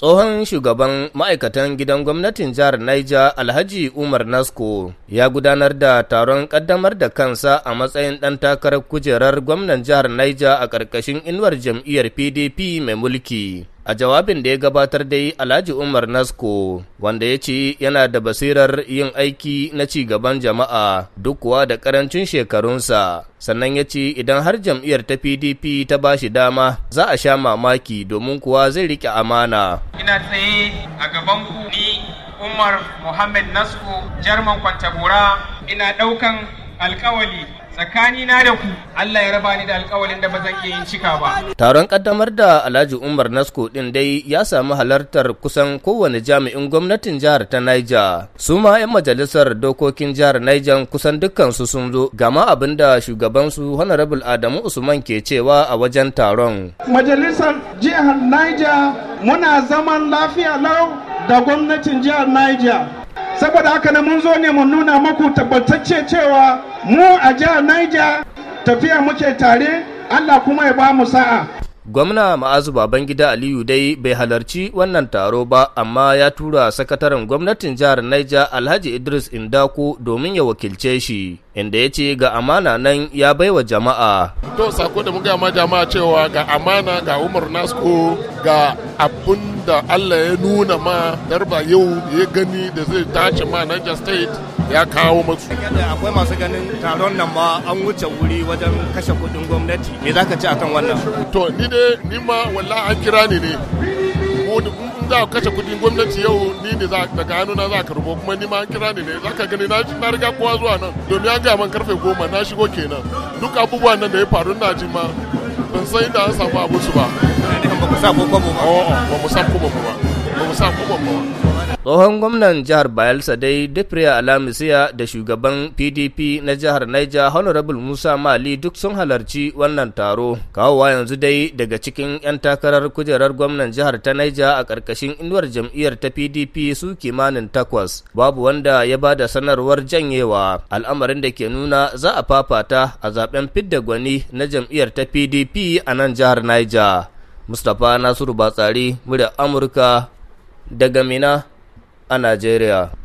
Tsohon shugaban ma'aikatan gidan gwamnatin jihar Niger Alhaji Umar Nasko ya gudanar da taron ƙaddamar da kansa a matsayin ɗan takarar kujerar gwamnan jihar Niger a ƙarƙashin inuwar jam'iyyar PDP mai mulki. A jawabin da ya gabatar dai Alhaji Umar Nasko wanda ya ce yana da basirar yin aiki na ci gaban jama'a duk kuwa da karancin shekarunsa sannan ya ce idan har jam'iyyar ta PDP ta ba shi dama za a sha mamaki domin kuwa zai rike amana. Ina tsaye a gaban ku ni Umar Muhammad Nasko Jarman Kwantabura ina ɗaukan alkawali tsakanina da ku Allah ya raba ni da alkawalin da ba zan iya yin cika ba. Taron kaddamar da Alhaji Umar Nasko din dai ya samu halartar kusan kowane jami'in gwamnatin jihar ta Niger. Su ma 'yan majalisar dokokin jihar Niger kusan dukkansu sun zo gama abin da shugabansu Honorable Adamu Usman ke cewa a wajen taron. Majalisar jihar Niger muna zaman lafiya lau da gwamnatin jihar Niger. saboda haka na mun zo ne mu nuna maku tabbatacce cewa mu a jihar Niger tafiya muke tare Allah kuma ya ba mu sa'a Gwamna Ma'azu Babangida Aliyu dai bai halarci wannan taro ba amma ya tura sakataren gwamnatin jihar Niger Alhaji Idris Indako domin ya wakilce shi inda ya ce ga amana nan ya baiwa jama'a. To sako da muka ma jama'a cewa ga amana ga Umar Nasko ga abun da Allah ya nuna ma darba yau ya gani da zai tace ma Niger State ya kawo masu. Akwai masu ganin taron nan ma an wuce wuri wajen kashe kudin gwamnati. Me za ka ci akan wannan? To ni dai ni ma walla an kira ni ne. za a kashe kudin gwamnati yau ni ne daga hannuna za ka rubo kuma ni ma an kira ni ne za ka gani na riga kowa zuwa nan domin an gaya man karfe goma na shigo kenan duk abubuwan nan da ya faru na ji ma ban san inda an samu abinsu ba. Ba ku sa ko ba? Ba mu sa ko ba ba. Ba mu sa ko ba ba. Tsohon gwamnan jihar Bayelsa dai Depriya Alamisiya da shugaban PDP na jihar Niger Honorable Musa Mali duk sun halarci wannan taro. Kawowa yanzu dai daga cikin 'yan takarar kujerar gwamnan jihar ta Niger a ƙarƙashin inuwar jam'iyyar ta PDP su kimanin takwas. Babu wanda ya ba da sanarwar janyewa al'amarin da ke nuna za a fafata a zaben fidda gwani na jam'iyyar ta PDP a nan jihar Niger. Mustapha Nasiru Batsari, murya Amurka daga Mina a Nigeria.